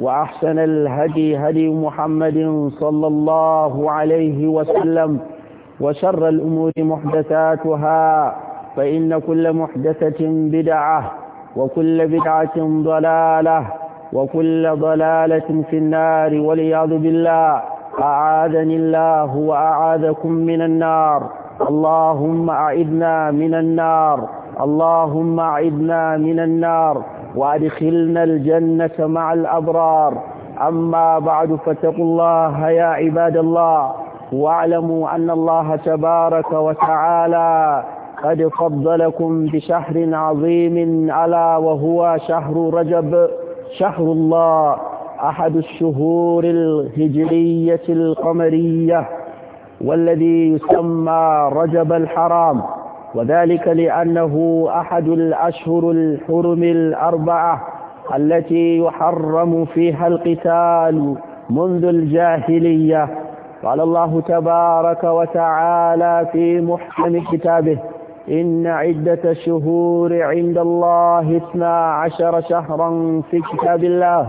وأحسن الهدي هدي محمد صلى الله عليه وسلم وشر الأمور محدثاتها فإن كل محدثة بدعة وكل بدعة ضلالة وكل ضلالة في النار والعياذ بالله أعاذني الله وأعاذكم من النار اللهم أعذنا من النار اللهم أعذنا من النار وأدخلنا الجنة مع الأبرار أما بعد فاتقوا الله يا عباد الله واعلموا أن الله تبارك وتعالى قد فضلكم بشهر عظيم ألا وهو شهر رجب شهر الله أحد الشهور الهجرية القمرية والذي يسمى رجب الحرام وذلك لأنه أحد الأشهر الحرم الأربعة التي يحرم فيها القتال منذ الجاهلية قال الله تبارك وتعالى في محكم كتابه إن عدة الشهور عند الله اثنا عشر شهرا في كتاب الله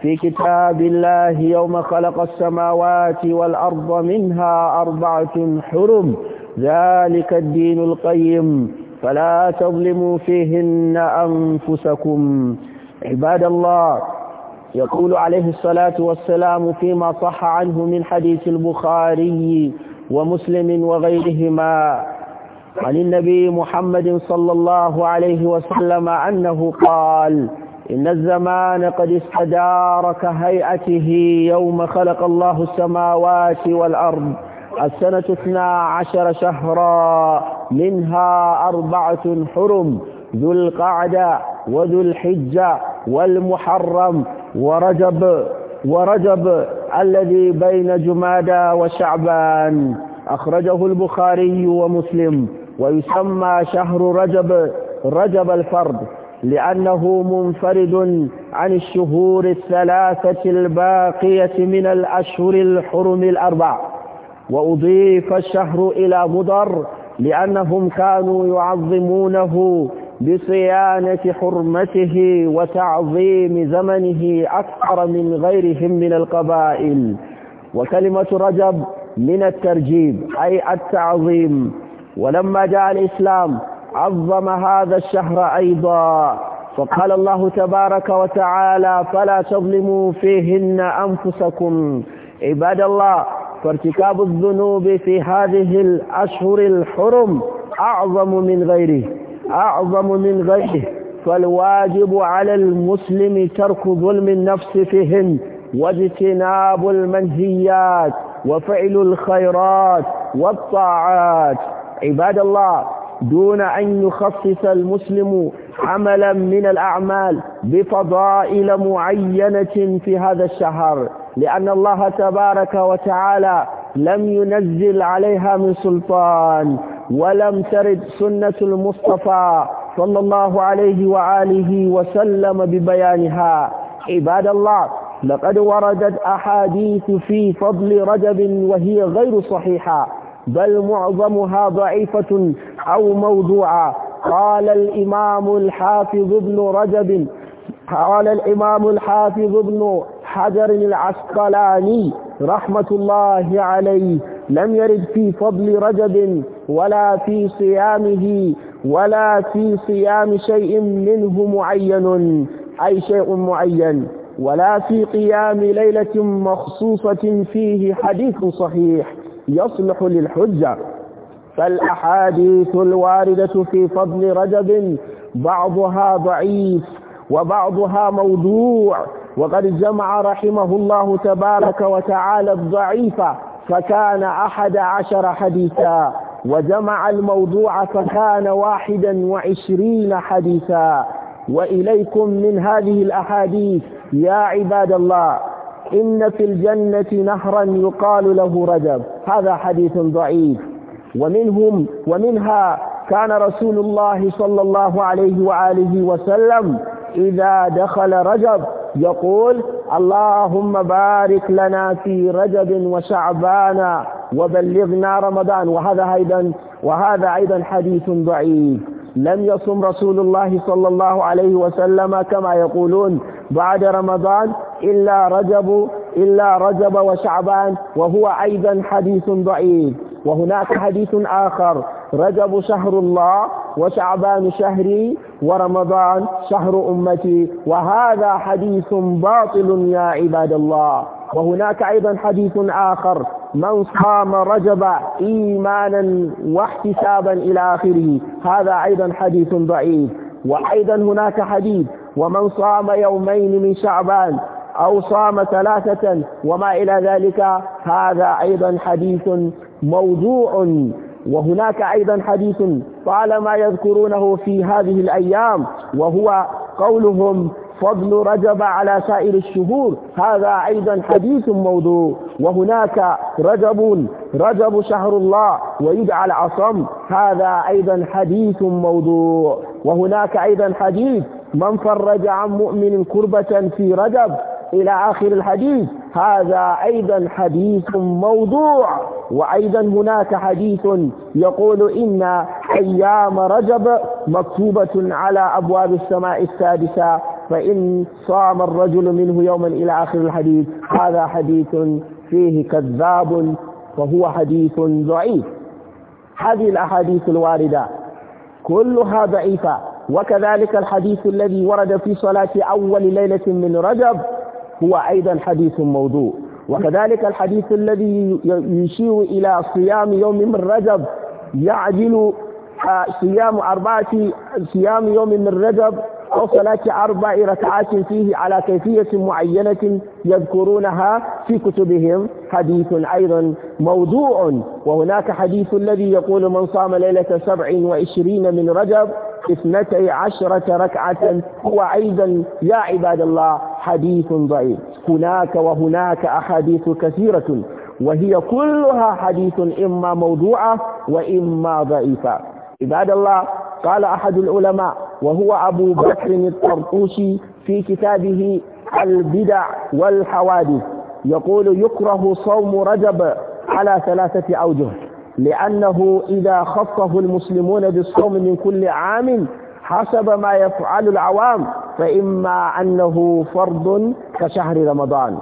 في كتاب الله يوم خلق السماوات والأرض منها أربعة حرم ذلك الدين القيم فلا تظلموا فيهن أنفسكم عباد الله يقول عليه الصلاة والسلام فيما صح عنه من حديث البخاري ومسلم وغيرهما عن النبي محمد صلى الله عليه وسلم أنه قال إن الزمان قد استدار كهيئته يوم خلق الله السماوات والأرض السنة اثنا عشر شهرا منها أربعة حرم ذو القعدة وذو الحجة والمحرم ورجب ورجب الذي بين جمادى وشعبان أخرجه البخاري ومسلم ويسمى شهر رجب رجب الفرد لأنه منفرد عن الشهور الثلاثة الباقية من الأشهر الحرم الأربع وأضيف الشهر إلى مضر لأنهم كانوا يعظمونه بصيانة حرمته وتعظيم زمنه أكثر من غيرهم من القبائل وكلمة رجب من الترجيب أي التعظيم ولما جاء الإسلام عظم هذا الشهر أيضا فقال الله تبارك وتعالى فلا تظلموا فيهن أنفسكم عباد الله فارتكاب الذنوب في هذه الأشهر الحرم أعظم من غيره أعظم من غيره فالواجب على المسلم ترك ظلم النفس فيهن واجتناب المنهيات وفعل الخيرات والطاعات عباد الله دون أن يخصص المسلم عملا من الأعمال بفضائل معينة في هذا الشهر لأن الله تبارك وتعالى لم ينزل عليها من سلطان ولم ترد سنة المصطفى صلى الله عليه وآله وسلم ببيانها عباد الله لقد وردت أحاديث في فضل رجب وهي غير صحيحة بل معظمها ضعيفة أو موضوعة قال الإمام الحافظ ابن رجب قال الإمام الحافظ ابن حجر العسقلاني رحمة الله عليه لم يرد في فضل رجب ولا في صيامه ولا في صيام شيء منه معين أي شيء معين ولا في قيام ليلة مخصوصة فيه حديث صحيح يصلح للحجة فالأحاديث الواردة في فضل رجب بعضها ضعيف وبعضها موضوع وقد جمع رحمه الله تبارك وتعالى الضعيف فكان أحد عشر حديثا وجمع الموضوع فكان واحدا وعشرين حديثا وإليكم من هذه الأحاديث يا عباد الله إن في الجنة نهرا يقال له رجب هذا حديث ضعيف ومنهم ومنها كان رسول الله صلى الله عليه وآله وسلم إذا دخل رجب يقول اللهم بارك لنا في رجب وشعبان وبلغنا رمضان وهذا أيضا وهذا أيضا حديث ضعيف لم يصم رسول الله صلى الله عليه وسلم كما يقولون بعد رمضان إلا رجب إلا رجب وشعبان وهو أيضا حديث ضعيف وهناك حديث آخر رجب شهر الله وشعبان شهري ورمضان شهر أمتي وهذا حديث باطل يا عباد الله وهناك أيضا حديث آخر من صام رجب إيمانا واحتسابا إلى آخره هذا أيضا حديث ضعيف وأيضا هناك حديث ومن صام يومين من شعبان أو صام ثلاثة وما إلى ذلك هذا أيضا حديث موضوع وهناك أيضا حديث طالما يذكرونه في هذه الأيام وهو قولهم فضل رجب على سائر الشهور هذا أيضا حديث موضوع وهناك رجب رجب شهر الله ويدعى العصم هذا أيضا حديث موضوع وهناك أيضا حديث من فرج عن مؤمن كربة في رجب إلى آخر الحديث هذا أيضا حديث موضوع وأيضا هناك حديث يقول إن أيام رجب مكتوبة على أبواب السماء السادسة فإن صام الرجل منه يوما إلى آخر الحديث هذا حديث فيه كذاب فهو حديث ضعيف هذه الأحاديث الواردة كلها ضعيفة وكذلك الحديث الذي ورد في صلاة أول ليلة من رجب هو أيضا حديث موضوع وكذلك الحديث الذي يشير إلى صيام يوم من رجب يعجل آه، صيام أربعة صيام يوم من رجب أو صلاة أربع ركعات فيه على كيفية معينة يذكرونها في كتبهم حديث أيضا موضوع وهناك حديث الذي يقول من صام ليلة سبع وعشرين من رجب اثنتي عشرة ركعة هو أيضا يا عباد الله حديث ضعيف هناك وهناك أحاديث كثيرة وهي كلها حديث إما موضوعة وإما ضعيفة عباد الله قال أحد العلماء وهو أبو بكر الطرطوشي في كتابه البدع والحوادث يقول يكره صوم رجب على ثلاثة أوجه لأنه إذا خصه المسلمون بالصوم من كل عام حسب ما يفعل العوام فإما أنه فرض كشهر رمضان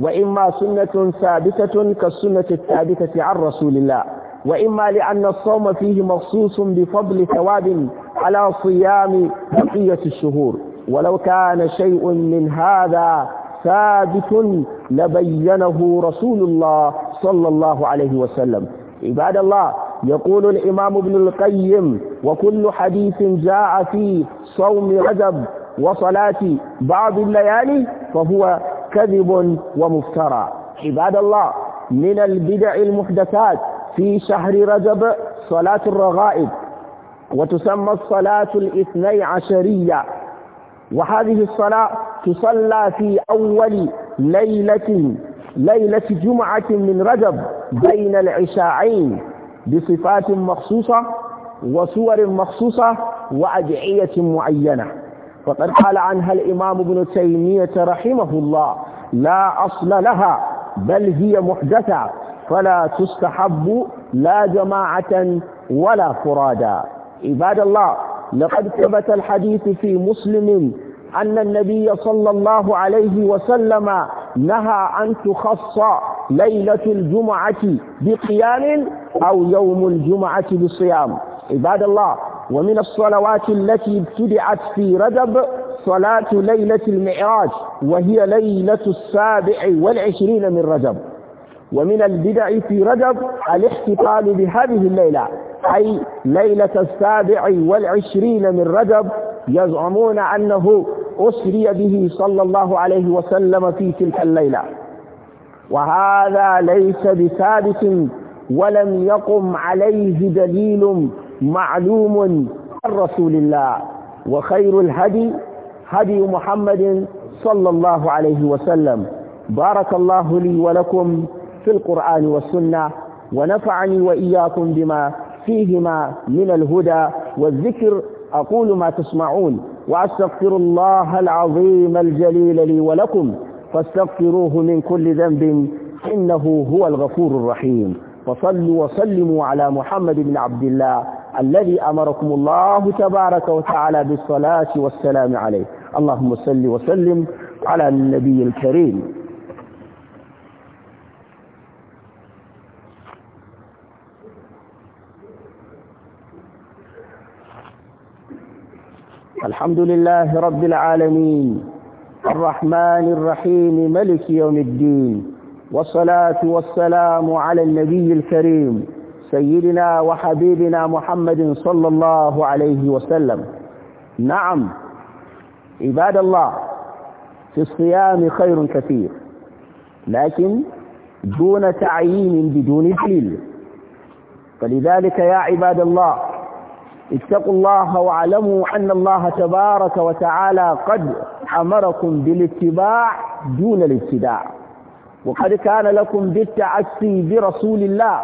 وإما سنة ثابتة كالسنة الثابتة عن رسول الله وإما لأن الصوم فيه مخصوص بفضل ثواب على صيام بقية الشهور ولو كان شيء من هذا ثابت لبينه رسول الله صلى الله عليه وسلم عباد الله يقول الإمام ابن القيم وكل حديث جاء في صوم رجب وصلاة بعض الليالي فهو كذب ومفترى عباد الله من البدع المحدثات في شهر رجب صلاة الرغائب وتسمى الصلاة الاثني عشرية وهذه الصلاة تصلى في أول ليلة ليلة جمعة من رجب بين العشاعين بصفات مخصوصة وصور مخصوصة وأدعية معينة وقد قال عنها الإمام ابن تيمية رحمه الله لا أصل لها بل هي محدثة فلا تستحب لا جماعة ولا فرادا عباد الله لقد ثبت الحديث في مسلم أن النبي صلى الله عليه وسلم نهى أن تخص ليلة الجمعة بقيام أو يوم الجمعة بصيام عباد الله ومن الصلوات التي ابتدعت في رجب صلاة ليلة المعراج وهي ليلة السابع والعشرين من رجب ومن البدع في رجب الاحتفال بهذه الليلة أي ليلة السابع والعشرين من رجب يزعمون أنه أسري به صلى الله عليه وسلم في تلك الليلة وهذا ليس بثابت ولم يقم عليه دليل معلوم عن رسول الله وخير الهدي هدي محمد صلى الله عليه وسلم بارك الله لي ولكم في القرآن والسنة ونفعني وإياكم بما فيهما من الهدى والذكر أقول ما تسمعون وأستغفر الله العظيم الجليل لي ولكم فاستغفروه من كل ذنب إنه هو الغفور الرحيم فصلوا وسلموا على محمد بن عبد الله الذي أمركم الله تبارك وتعالى بالصلاة والسلام عليه اللهم صل وسلم على النبي الكريم الحمد لله رب العالمين الرحمن الرحيم ملك يوم الدين والصلاة والسلام على النبي الكريم سيدنا وحبيبنا محمد صلى الله عليه وسلم نعم عباد الله في الصيام خير كثير لكن دون تعيين بدون دليل فلذلك يا عباد الله اتقوا الله واعلموا أن الله تبارك وتعالى قد أمركم بالاتباع دون الابتداع وقد كان لكم بالتعسي برسول الله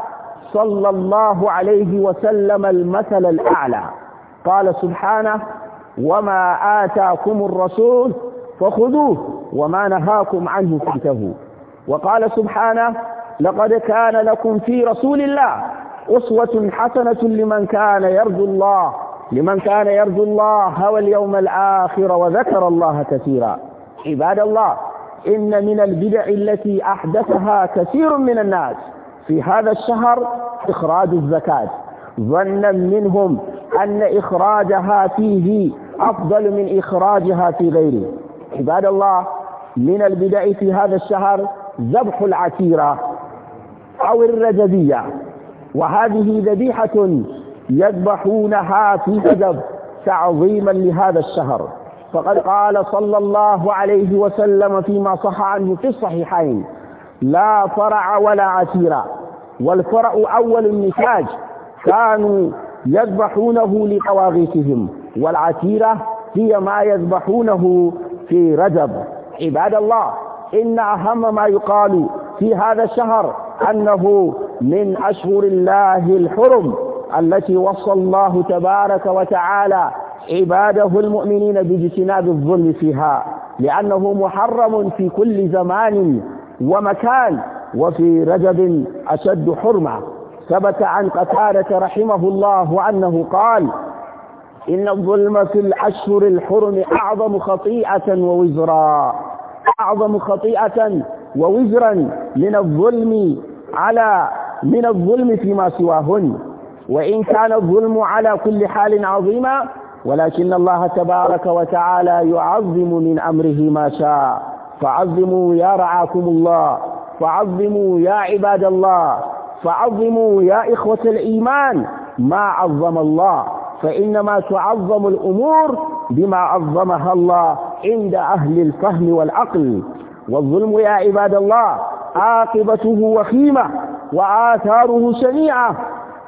صلى الله عليه وسلم المثل الأعلى قال سبحانه وما آتاكم الرسول فخذوه وما نهاكم عنه فانتهوا وقال سبحانه لقد كان لكم في رسول الله أسوة حسنة لمن كان يرجو الله لمن كان يرجو الله اليوم الآخر وذكر الله كثيرا عباد الله إن من البدع التي أحدثها كثير من الناس في هذا الشهر إخراج الزكاة ظنا منهم أن إخراجها فيه أفضل من إخراجها في غيره عباد الله من البدع في هذا الشهر ذبح العتيرة أو الرجبية وهذه ذبيحة يذبحونها في أدب تعظيما لهذا الشهر فقد قال صلى الله عليه وسلم فيما صح عنه في الصحيحين لا فرع ولا عسيرة والفرع أول النساج كانوا يذبحونه لطواغيتهم والعسيرة هي ما يذبحونه في رجب عباد الله إن أهم ما يقال في هذا الشهر أنه من أشهر الله الحرم التي وصى الله تبارك وتعالى عباده المؤمنين باجتناب الظلم فيها لأنه محرم في كل زمان ومكان وفي رجب أشد حرمة ثبت عن قتادة رحمه الله أنه قال إن الظلم في الأشهر الحرم أعظم خطيئة ووزرا أعظم خطيئة ووزرا من الظلم على من الظلم فيما سواهن وإن كان الظلم على كل حال عظيما ولكن الله تبارك وتعالى يعظم من أمره ما شاء فعظموا يا رعاكم الله فعظموا يا عباد الله فعظموا يا إخوة الإيمان ما عظم الله فإنما تعظم الأمور بما عظمها الله عند أهل الفهم والعقل والظلم يا عباد الله عاقبته وخيمة وآثاره شنيعة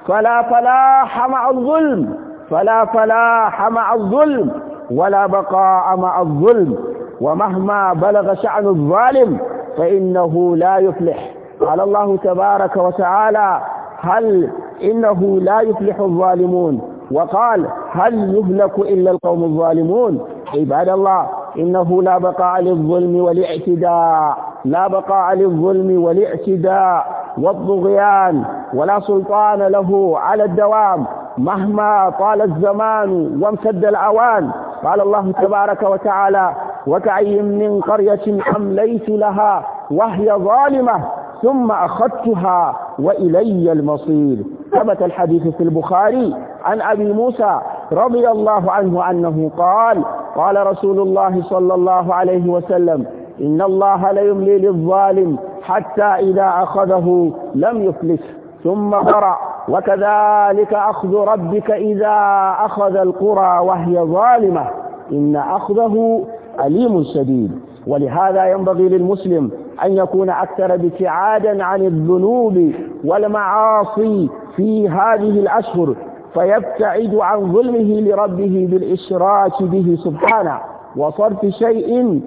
فلا فلاح مع الظلم فلا فلاح مع الظلم ولا بقاء مع الظلم ومهما بلغ شأن الظالم فإنه لا يفلح قال الله تبارك وتعالى هل إنه لا يفلح الظالمون وقال هل يهلك إلا القوم الظالمون عباد الله إنه لا بقاء للظلم والاعتداء لا بقاء للظلم والاعتداء والطغيان ولا سلطان له على الدوام مهما طال الزمان وامتد الأوان قال الله تبارك وتعالى وكأي من قرية أمليت لها وهي ظالمة ثم أخذتها وإلي المصير ثبت الحديث في البخاري عن أبي موسى رضي الله عنه أنه قال قال رسول الله صلى الله عليه وسلم إن الله ليملي للظالم حتى إذا أخذه لم يفلسه ثم قرأ وكذلك أخذ ربك إذا أخذ القرى وهي ظالمة إن أخذه أليم شديد ولهذا ينبغي للمسلم أن يكون أكثر ابتعادا عن الذنوب والمعاصي في هذه الأشهر فيبتعد عن ظلمه لربه بالإشراك به سبحانه وصرف شيء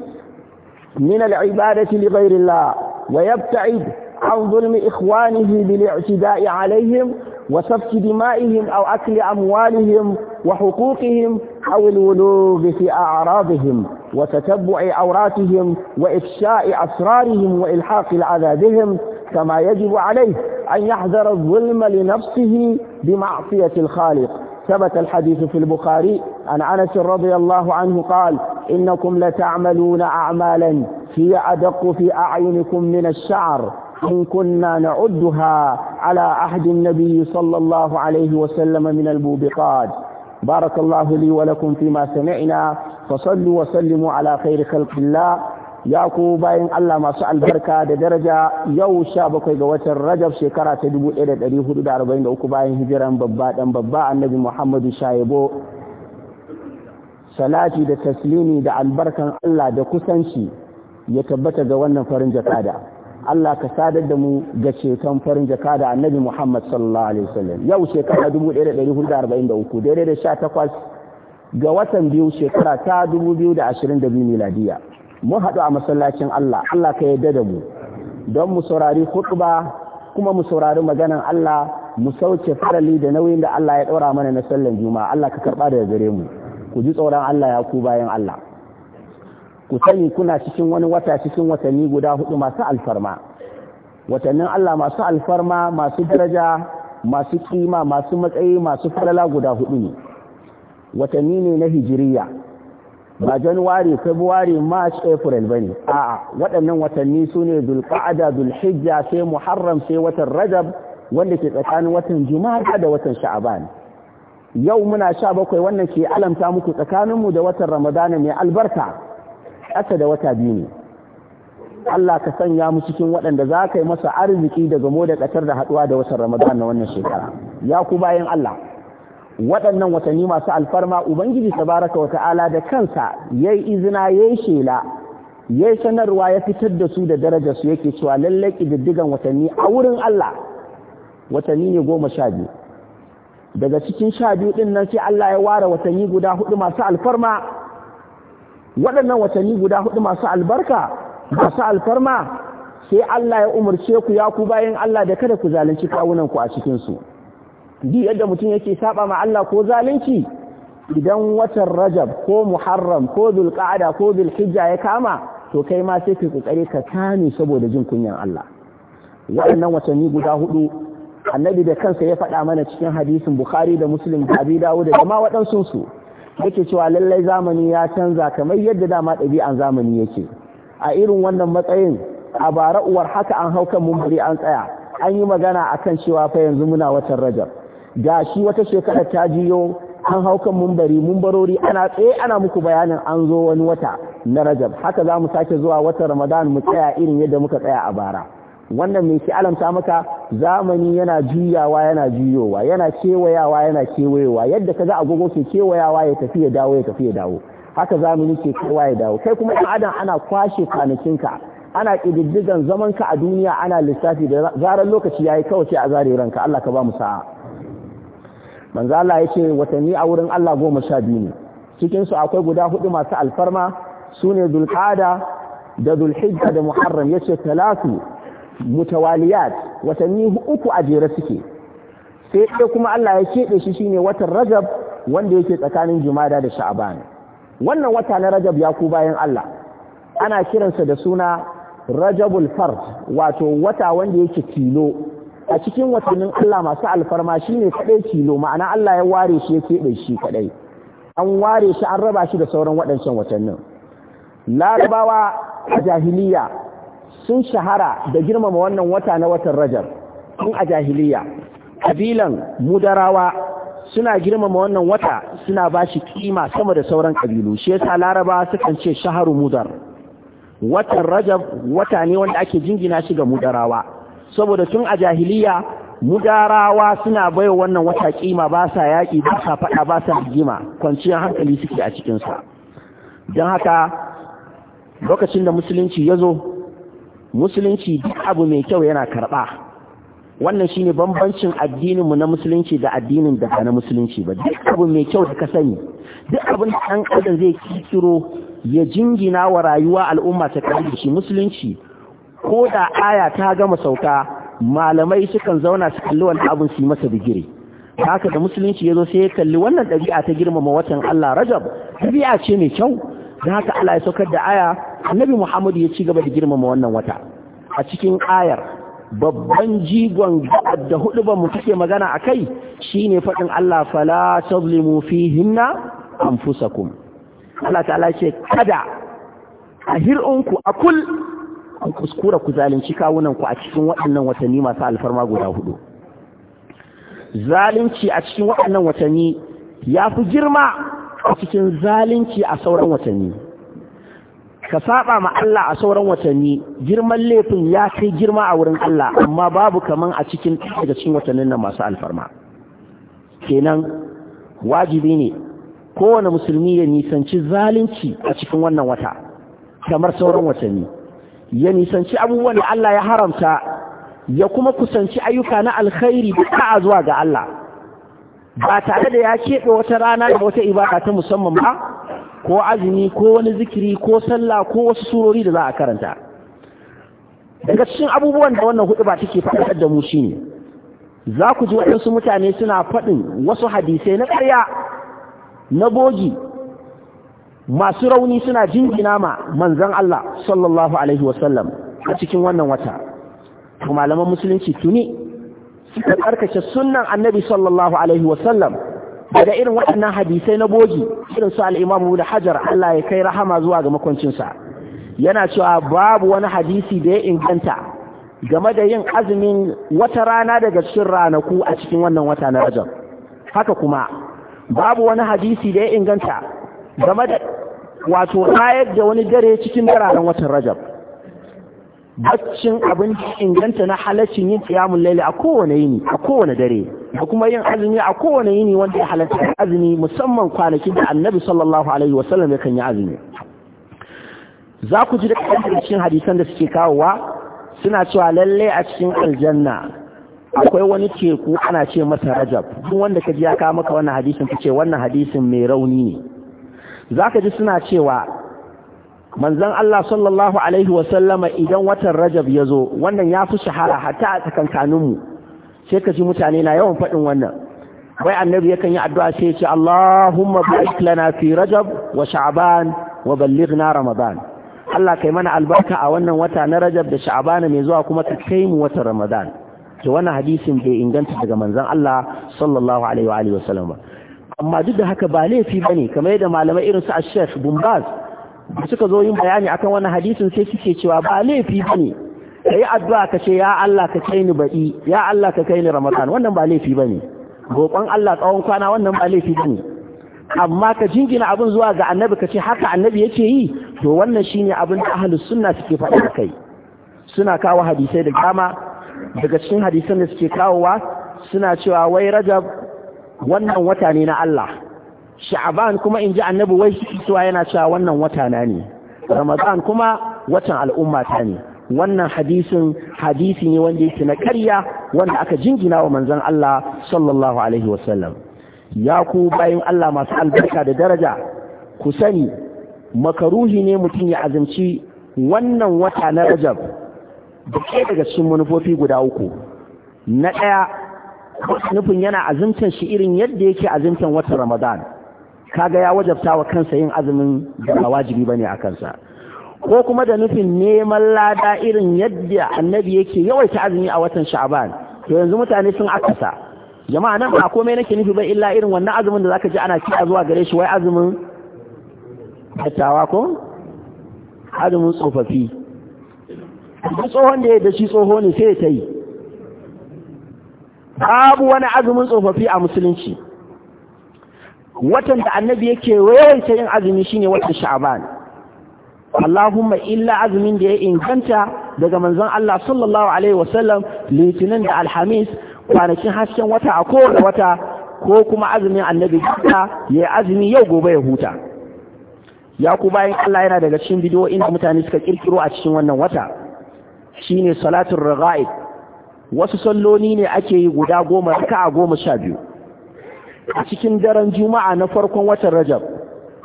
من العبادة لغير الله ويبتعد عن ظلم إخوانه بالاعتداء عليهم وسفك دمائهم أو أكل أموالهم وحقوقهم أو الولوغ في أعراضهم وتتبع عوراتهم وإفشاء أسرارهم وإلحاق العذابهم كما يجب عليه أن يحذر الظلم لنفسه بمعصية الخالق ثبت الحديث في البخاري عن أنس رضي الله عنه قال إنكم لتعملون أعمالا هي أدق في أعينكم من الشعر إن كنا نعدها على عهد النبي صلى الله عليه وسلم من الموبقات بارك الله لي ولكم فيما سمعنا فصلوا وسلموا على خير خلق الله ya ku bayan Allah masu albarka da daraja yau sha bakwai ga watan Rajab shekara ta 1443 bayan hijiran babba dan babba annabi Muhammadu Shaibo salati da taslimi da albarkan Allah da kusanci ya tabbata ga wannan farin jakada Allah ka sadar da mu ga ceton farin jakada annabi Muhammad sallallahu alaihi wasallam yau shekara 1443 daidai da 18 ga watan biyu shekara ta 2022 miladiyya mun haɗu a masallacin Allah Allah ka yarda da mu don mu saurari khutba kuma mu saurari maganan Allah mu sauke farali da nauyin da Allah ya ɗaura mana na sallan juma'a Allah ka karɓa daga gare mu ku ji tsoron Allah ya ku bayan Allah ku sani kuna cikin wani wata cikin watanni guda hudu masu alfarma watannin Allah masu alfarma masu daraja masu kima masu matsayi masu farala guda hudu ne watanni ne na hijiriya ba januwari february march april ba ne a'a waɗannan watanni su ne dulƙa'ada zulhijja sai muharram sai watan rajab wanda ke tsakanin watan juma'a da watan sha'aban yau muna sha bakwai wannan ke alamta muku tsakaninmu da watan ramadana mai albarka ƙasa da wata biyu ne Allah ka sanya mu cikin waɗanda za ka yi masa arziki daga mu da ƙasar da haɗuwa da watan ramadana wannan shekara ya ku bayan Allah waɗannan watanni masu alfarma ubangiji tabaraka wata'ala da kansa yayi izina yayi shela yayi sanarwa ya fitar da su da darajar su yake cewa lallai ƙididdigan watanni a wurin Allah watanni ne goma sha biyu daga cikin sha biyu ɗin nan sai Allah ya ware watanni guda hudu masu alfarma waɗannan watanni guda hudu masu albarka masu alfarma sai Allah ya umarce ku ya ku bayan Allah da kada ku zalunci kawunanku a cikinsu. duk yadda mutum yake saba ma Allah ko zalunci idan watan Rajab ko Muharram ko Zulqa'ada ko Zulhijja ya kama to kai ma sai ka kokare ka kame saboda jin kunyan Allah waɗannan watanni guda hudu annabi da kansa ya faɗa mana cikin hadisin Bukhari da Muslim da Abi Dawud da ma waɗansu su yake cewa lallai zamani ya canza kamar yadda dama ɗabi'an zamani yake a irin wannan matsayin a bara uwar haka an hau kan bari an tsaya an yi magana akan cewa fa yanzu muna watan Rajab ga shi wata shekara ta jiyo an haukan mumbari mumbarori ana tsaye ana muku bayanin an zo wani wata na rajab haka za mu sake zuwa wata ramadan mu tsaya irin yadda muka tsaya a bara wannan mai shi alamta maka zamani yana juyawa yana juyowa yana kewayawa yana kewayewa yadda a agogo ke kewayawa ya tafi ya dawo ya tafi ya dawo haka zamani ke kewa ya dawo kai kuma adam ana kwashe kwanakinka ana ƙididdigan zamanka a duniya ana lissafi da zarar lokaci ya yi kawace a zare ranka Allah ka ba mu sa'a manzo Allah ya ce watanni a wurin Allah goma sha biyu ne cikin su akwai guda hudu masu alfarma sune zulqada da zulhijja da muharram yace talatu mutawaliyat watanni uku a jere suke sai dai kuma Allah ya kebe shi shine watan rajab wanda yake tsakanin jumada da sha'ban wannan wata na rajab ya ku bayan Allah ana kiransa da suna rajabul fard wato wata wanda yake tilo a cikin watannin Allah masu alfarma shi ne kaɗai tilo ma'ana Allah ya ware shi ya keɓe shi kaɗai an ware shi an raba shi da sauran waɗancan watannin larabawa a jahiliya sun shahara da girmama wannan wata na watan rajar sun a jahiliya Kabilan mudarawa suna girmama wannan wata suna ba shi kima sama da sauran kabilu shi yasa larabawa sukan ce shaharu mudar watan rajab wata ne wanda ake jingina shi ga mudarawa saboda tun a jahiliya mudarawa suna baiwa wannan wata kima ba sa yaƙi ba sa faɗa ba sa rigima kwanciyar hankali suke a cikinsa don haka lokacin da musulunci ya zo musulunci duk abu mai kyau yana karɓa wannan shine bambancin addininmu na musulunci da addinin da ba na musulunci ba duk abu mai kyau da ka sani duk abin da ɗan ƙasar zai kikiro ya jingina wa rayuwa al'umma ta ƙarfi shi musulunci ko da aya ta gama sauka malamai sukan zauna su kalli wani abin su yi masa bigire haka da musulunci ya zo sai ya kalli wannan ɗabi'a ta girmama watan Allah Rajab ɗabi'a ce mai kyau da haka Allah ya saukar da aya annabi Muhammad ya ci gaba da girmama wannan wata a cikin ayar babban jigon da hudu ba mu take magana a kai shine faɗin Allah fala tazlimu fihinna anfusakum Allah ta'ala ce kada a hir'unku akul ku kuskura ku zalunci kawunan ku a cikin waɗannan watanni masu alfarma guda hudu zalunci a cikin waɗannan watanni ya fi girma a cikin zalunci a sauran watanni ka saba ma Allah a sauran watanni girman laifin ya kai girma a wurin Allah amma babu kaman a cikin daga cikin watannin nan masu alfarma kenan wajibi ne kowane musulmi ya nisanci zalunci a cikin wannan wata kamar sauran watanni ya nisanci abubuwan da Allah ya haramta ya kuma kusanci ayyuka na alkhairi duka zuwa ga Allah ba tare da ya keɓe wata rana da wata ibada ta musamman ba ko azumi ko wani zikiri ko sallah ko wasu surori da za a karanta daga cikin abubuwan da wannan hudu ba take faɗaɗar da mu shine za ku ji waɗansu mutane suna faɗin wasu hadisai na ƙarya na bogi masu rauni suna jingina ma manzan Allah sallallahu alaihi wasallam a cikin wannan wata to malaman musulunci tuni suka karkace sunnan annabi sallallahu alaihi wasallam daga irin waɗannan hadisai na bogi irin su al-Imam da Hajar Allah ya kai rahama zuwa ga makoncinsa yana cewa babu wani hadisi da ya inganta game da yin azumin wata rana daga cikin ranaku a cikin wannan wata na Rajab haka kuma babu wani hadisi da ya inganta game da wato tayar da wani dare cikin dararen watan rajab baccin abinci inganta na halaccin yin kiyamun laili a kowane yini a kowane dare da kuma yin azumi a kowane yini wanda ya halatta azumi musamman kwanaki da annabi sallallahu alaihi wasallam kan yi azumi za ku ji da kan cikin hadisan da suke kawowa suna cewa lalle a cikin aljanna akwai wani teku ana ce masa rajab duk wanda ka ji ya kawo maka wannan hadisin ku ce wannan hadisin mai rauni ne za ka ji suna cewa manzan Allah sallallahu Alaihi wasallama idan watan rajab ya zo wannan ya fi shahara hatta a tsakankaninmu sai ka ji mutane na yawan faɗin wannan Wai annabi yakan yi addu'a sai ce Allahumma barik lana fi rajab wa sha'ban wa ballighna ramadan Allah kai mana albarka a wannan wata na rajab da sha'ban mai zuwa kuma ka kai mu watan ramadan to wannan hadisin bai inganta daga manzon Allah sallallahu alaihi wa alihi wasallam amma duk da haka ba laifi ba ne kamar yadda malamai irin su ashef bumbaz da suka zo yin bayani akan wannan hadisin sai suke cewa ba laifi ba ne ka yi addu'a ka ce ya Allah ka kai ni ya Allah ka kai ni ramadan wannan ba laifi ba ne roƙon Allah tsawon kwana wannan ba laifi ba ne amma ka jingina abin zuwa ga annabi ka ce haka annabi yake yi to wannan shine abin da ahlus sunna suke faɗi kai suna kawo hadisai da dama daga cikin hadisan da suke kawowa suna cewa wai rajab wannan wata ne na Allah sha'aban kuma in ji annabi wai shi cewa yana cewa wannan wata na ne ramadan kuma watan al'umma ta ne wannan hadisin hadisi ne wanda yake na karya wanda aka jingina wa manzon Allah sallallahu alaihi wasallam ya ku bayin Allah masu albarka da daraja ku sani makaruhi ne mutum ya azumci wannan wata na Rajab da daga cikin manufofi guda uku na ɗaya nufin yana azumtan shi irin yadda yake azumtan watan Ramadan kaga ya wajabta wa kansa yin azumin ba wajibi bane a kansa ko kuma da nufin neman lada irin yadda annabi yake yawaita azumi a watan Sha'aban to yanzu mutane sun akasa jama'a nan ba komai nake nufi ba illa irin wannan azumin da zaka ji ana kira zuwa gare shi wai azumin dattawa ko azumin tsofaffi duk tsohon da ya da shi tsoho ne sai ya ta babu wani azumin tsofaffi a musulunci watan da annabi yake yawaita yin azumi shine watan sha'ban Allahumma illa azumin da ya inganta daga manzon Allah sallallahu alaihi wasallam litinin da alhamis kwanakin hasken wata a kowane wata ko kuma azumin annabi ya yi azumi yau gobe ya huta ya ku bayan Allah yana daga cikin bidiyo inda mutane suka kirkiro a cikin wannan wata shine salatul raghaib wasu salloni ne ake yi guda goma a goma sha biyu a cikin daren juma'a na farkon watan rajab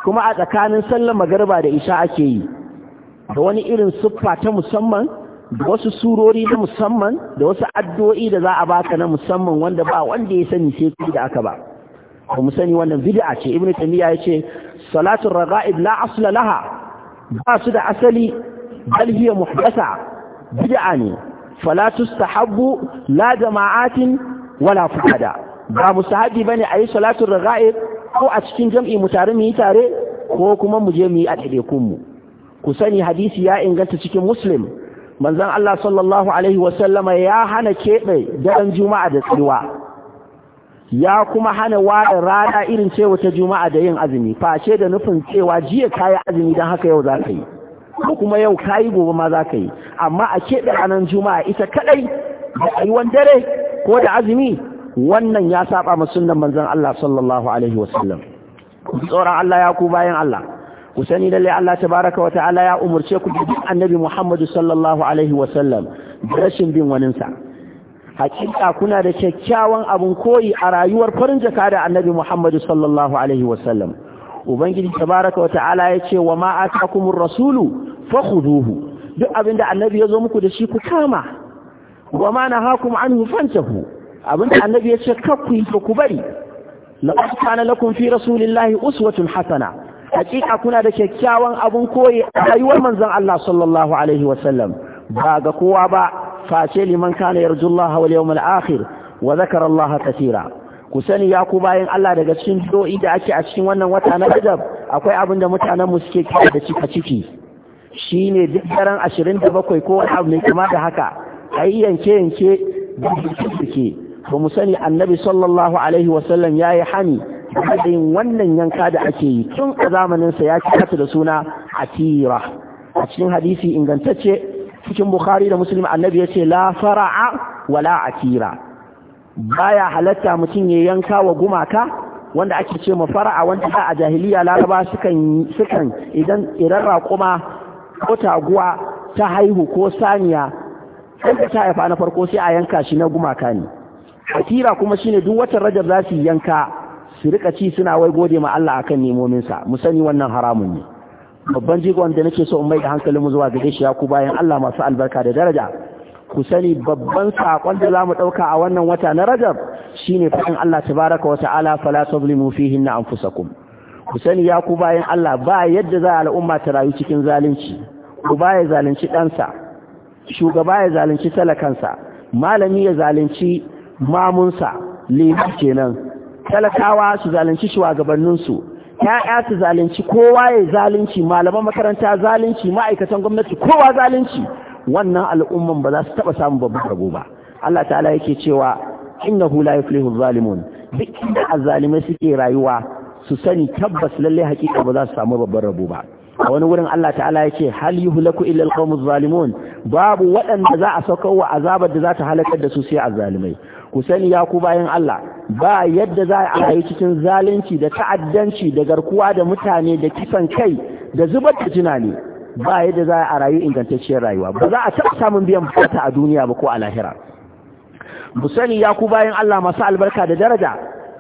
kuma a tsakanin sallar magarba da isha ake yi da wani irin siffa ta musamman da wasu surori na musamman da wasu addu'o'i da za a baka na musamman wanda ba wanda ya sani sai kai da aka ba ba mu sani wannan bid'a ce ibnu tamiya yace salatu raga'ib la asla laha ba su da asali bal hiya muhdatha bid'a ne fala tustahabbu la jama'atin wala fuqada ba musahabi bane ayi salatul raghaib ko a cikin jam'i mu tare mu yi tare ko kuma mu je mu yi a kun mu ku sani hadisi ya inganta cikin muslim manzon Allah sallallahu alaihi wa ya hana keɓe daren juma'a da tsirwa ya kuma hana waɗa rana irin cewa ta juma'a da yin azumi face da nufin cewa jiya kayi azumi don haka yau za ka yi ko kuma yau kayi gobe ma za ka yi amma a keɓe ranar juma'a ita kaɗai yi wani dare ko da azumi wannan ya saba ma sunnan manzon Allah sallallahu alaihi wasallam tsoron Allah ya ku bayan Allah ku sani lalle Allah tabaraka wa ta'ala ya umurce ku duk annabi Muhammad sallallahu alaihi wasallam rashin bin waninsa hakika kuna da kyakkyawan abun koyi a rayuwar farin jaka da annabi Muhammad sallallahu alaihi wasallam ubangiji tabaraka wa ta'ala ya ce wa ma atakumur rasulu fakhuduhu duk abinda annabi ya zo muku da shi ku kama wa ma nahakum anhu fantahu abinda annabi ya ce kakku yi ku bari laqad kana lakum fi rasulillahi uswatun hasana hakika kuna da kyakkyawan abun koyi a rayuwar manzon Allah sallallahu alaihi wa sallam ba ga kowa ba face liman kana yarjullaha wal yawmal akhir wa zakara Allah Katira). ku sani ya ku bayan Allah daga cikin do'i da ake a cikin wannan wata na Rajab akwai abin da mutanen mu suke kira da cika ciki shine duk daren 27 ko wani abu ne kuma da haka ayi yanke yanke duke Ba mu sani annabi sallallahu alaihi sallam yayi hani hadin wannan yanka da ake yi tun a zamanin sa ya kasa da suna atira a cikin hadisi ingantacce cikin bukhari da muslim annabi yace la fara'a wala atira baya halatta mutum ya yanka wa gumaka wanda ake ce ma fara'a wanda a jahiliya laraba sukan sukan idan idan raƙuma ko taguwa ta haihu ko saniya sai ta haifa na farko sai a yanka shi na gumaka ne akira kuma shine duk watan rajab za su yanka su rika ci suna wai gode ma Allah akan nemomin sa mu sani wannan haramun ne babban jigon da nake so in mai da mu zuwa ga shi ku bayan Allah masu albarka da daraja ku sani babban sakon da zamu dauka a wannan wata na Rajab shine fadin Allah tabaaraka wa ta'ala fala tuzlimu fihi anfusakum ku sani ya ku bayin Allah ba yadda za al'umma ta rayu cikin zalunci ku baye zalunci zalunci sa shugaba ya zalunci talakansa malami ya zalunci mamunsa liman kenan talakawa su zalunci su ya'ya su zalunci kowa ya zalunci malaman makaranta zalunci ma'aikatan gwamnati kowa zalunci wannan al'umman ba za su taɓa samun babban rabo ba Allah ta'ala yake cewa hu la yuflihu zalimun duk inda azzalimai suke rayuwa su sani tabbas lalle hakika ba za su samu babban rabo ba a wani wurin Allah ta'ala yake hal yuhlaku illa alqawmuz zalimun babu waɗanda za a wa azabar da za ta halakar da su sai azzalimai ku sani ya ku bayan Allah ba yadda za a rayu cikin zalunci da ta'addanci da garkuwa da mutane da kisan kai da zubar da jina ba yadda za a rayu ingantacciyar rayuwa ba za a taɓa samun biyan bukata a duniya ba ko a lahira mu sani ya ku bayan Allah masu albarka da daraja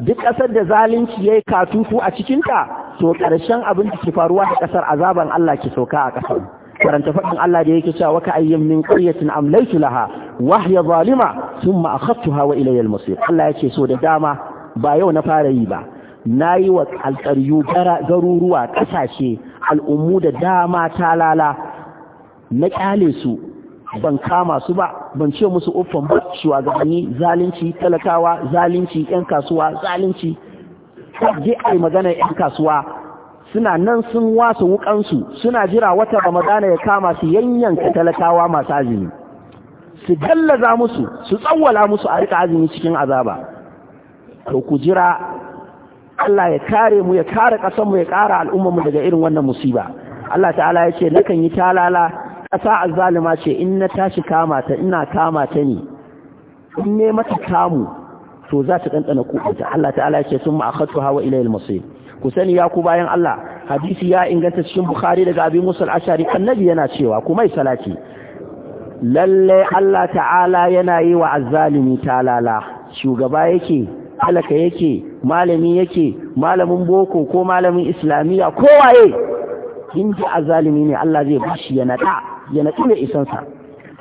duk ƙasar da zalunci yayi katutu a cikinta to ƙarshen abin da ke faruwa a ƙasar azaban Allah ke sauka a ƙasar karanta faɗin Allah da yake cewa waka ayyin min qaryatin amlaytu laha wa hiya zalima thumma akhadtuha wa ilayya al-masir Allah yake so da dama ba yau na fara yi ba nayi wa alƙaryu garuruwa ƙasashe al'ummu da dama ta lala na ƙyale su ban kama su ba ban ce musu uffan ba shugabanni zalunci talakawa zalunci yan kasuwa zalunci je yi magana yan kasuwa suna nan sun wasu wukansu suna jira wata ramadana ya kama su yanyanka talakawa masu azumi su gallaza musu su tsawwala musu a rika azumi cikin azaba to ku jira Allah ya kare mu ya kare ƙasar ya kara al'ummar mu daga irin wannan musiba Allah ta'ala ya ce nakan yi talala Kasa azzalima ce in na tashi kama ta ina kama ta ne in ne mata kamu to za ta ɗanɗana ta. Allah ta'ala ya ce sun ma'akatu hawa ilayil masir ku sani ya ku bayan Allah hadisi ya inganta cikin Bukhari daga Abi Musa ashari annabi yana cewa ku mai salati lalle Allah ta'ala yana yi wa azzalimi talala shugaba yake talaka yake malami yake malamin boko ko malamin islamiyya ko waye in ji azalimi ne Allah zai bashi ya nada ya nadi da isansa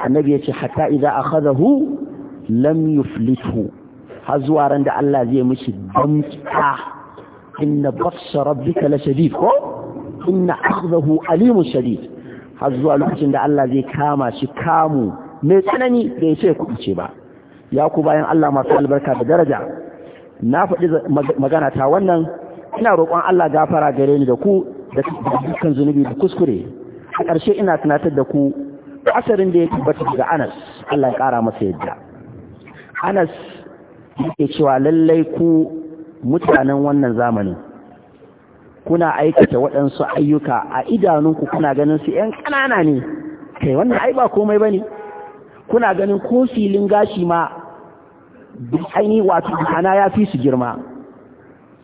annabi yace hatta idza akhadahu lam yuflithu har zuwa ran da Allah zai mishi damta inna batsha rabbika la shadid ko inna akhdahu alimun shadid har zuwa lokacin da Allah zai kama shi kamu mai tsanani da ce ku ce ba ya ku bayan Allah masu albarka da daraja na faɗi magana ta wannan ina roƙon Allah gafara gare ni da ku da dukkan zunubi da kuskure a ƙarshe ina tunatar da ku asarin da ya tabbata daga Anas Allah ya ƙara masa yadda Anas yake cewa lallai ku mutanen wannan zamani. kuna aikata waɗansu ayyuka a idanunku kuna ganin su ƴan ƙanana ne kai wannan ai ba komai bane kuna ganin ko filin gashi ma bi'ai wato ana ya fi su girma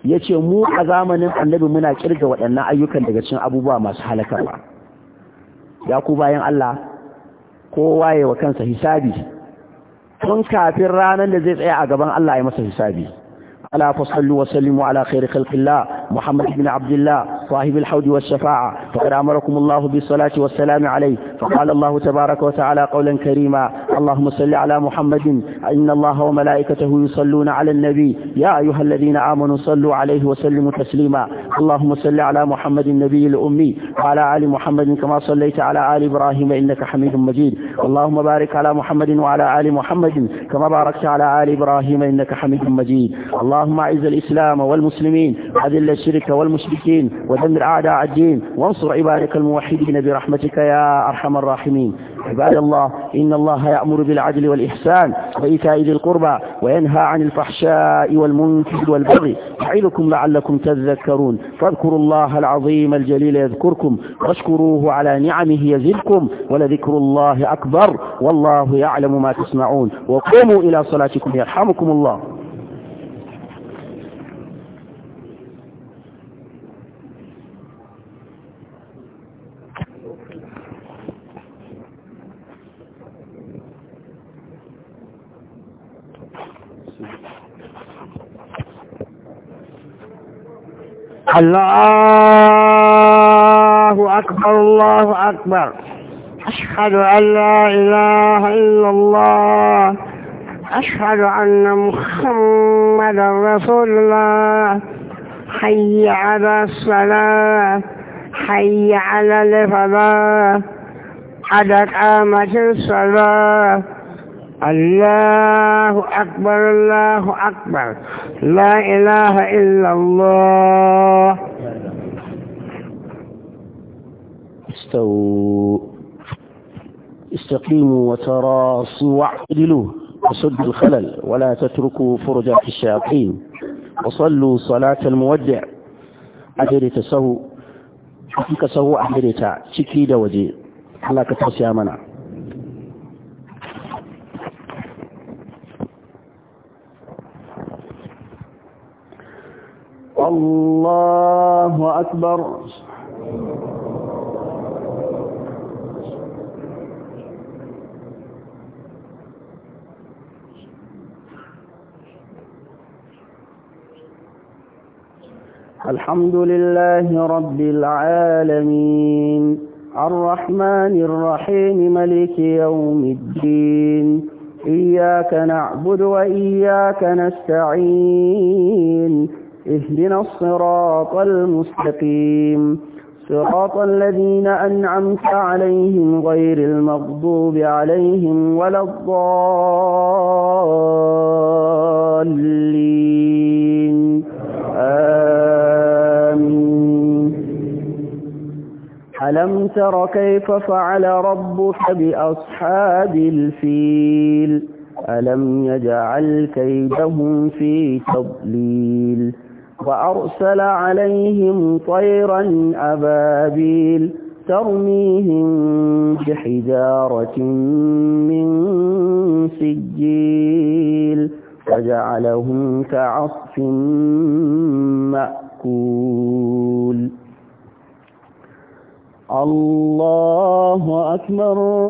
ya ce mu a zamanin annabi muna kirga waɗannan ayyukan daga cin abubuwa masu halakarwa ya ku bayan Allah kowa ya wa kansa hisabi tun kafin ranar da zai tsaya a gaban Allah ya masa hisabi ala fasallu wa sallimu ala khairi khalqillah muhammad ibn abdullah صاحب الحوض والشفاعة فقد أمركم الله بالصلاة والسلام عليه فقال الله تبارك وتعالى قولا كريما اللهم صل على محمد إن الله وملائكته يصلون على النبي يا أيها الذين آمنوا صلوا عليه وسلموا تسليما اللهم صل على محمد النبي الأمي وعلى آل محمد كما صليت على آل إبراهيم إنك حميد مجيد اللهم بارك على محمد وعلى آل محمد كما باركت على آل إبراهيم إنك حميد مجيد اللهم أعز الإسلام والمسلمين أذل الشرك والمشركين ودمر أعداء الدين وانصر عبادك الموحدين برحمتك يا أرحم الراحمين عباد الله إن الله يأمر بالعدل والإحسان وإيتاء ذي القربى وينهى عن الفحشاء والمنكر والبغي يعظكم لعلكم تذكرون فاذكروا الله العظيم الجليل يذكركم واشكروه على نعمه يزدكم ولذكر الله أكبر والله يعلم ما تصنعون وقوموا إلى صلاتكم يرحمكم الله الله أكبر الله أكبر أشهد أن لا إله إلا الله أشهد أن محمدا رسول الله حي على الصلاة حي على الفلاح حدث آمة الصلاة الله أكبر الله أكبر لا إله إلا الله استووا استقيموا وتراصوا واعتدلوا وسدوا الخلل ولا تتركوا فرجة الشياطين وصلوا صلاة المودع أدريت سهو أفك سهو أجري شكيد وجيه Allah ka tausaya الله أكبر الحمد لله رب العالمين الرحمن الرحيم ملك يوم الدين إياك نعبد وإياك نستعين اهدنا الصراط المستقيم صراط الذين أنعمت عليهم غير المغضوب عليهم ولا الضالين آمين ألم تر كيف فعل ربك بأصحاب الفيل ألم يجعل كيدهم في تضليل فأرسل عليهم طيرا أبابيل ترميهم بحجارة من سجيل فجعلهم كعصف مأكول الله أكبر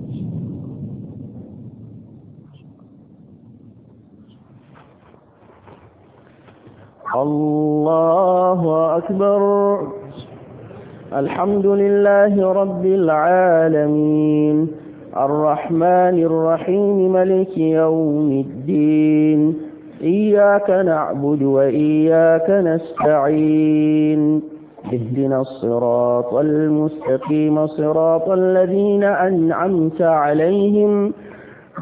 الله أكبر الحمد لله رب العالمين الرحمن الرحيم ملك يوم الدين إياك نعبد وإياك نستعين اهدنا الصراط المستقيم صراط الذين أنعمت عليهم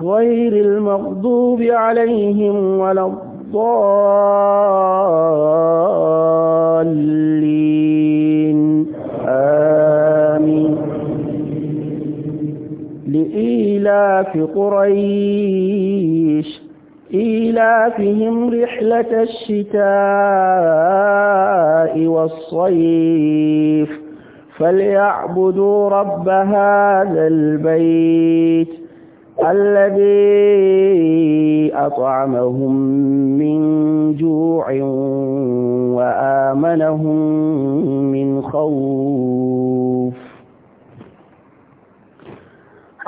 غير المغضوب عليهم ولا الضالين إيلاف قريش إيلافهم رحلة الشتاء والصيف فليعبدوا رب هذا البيت الذي أطعمهم من جوع وآمنهم من خوف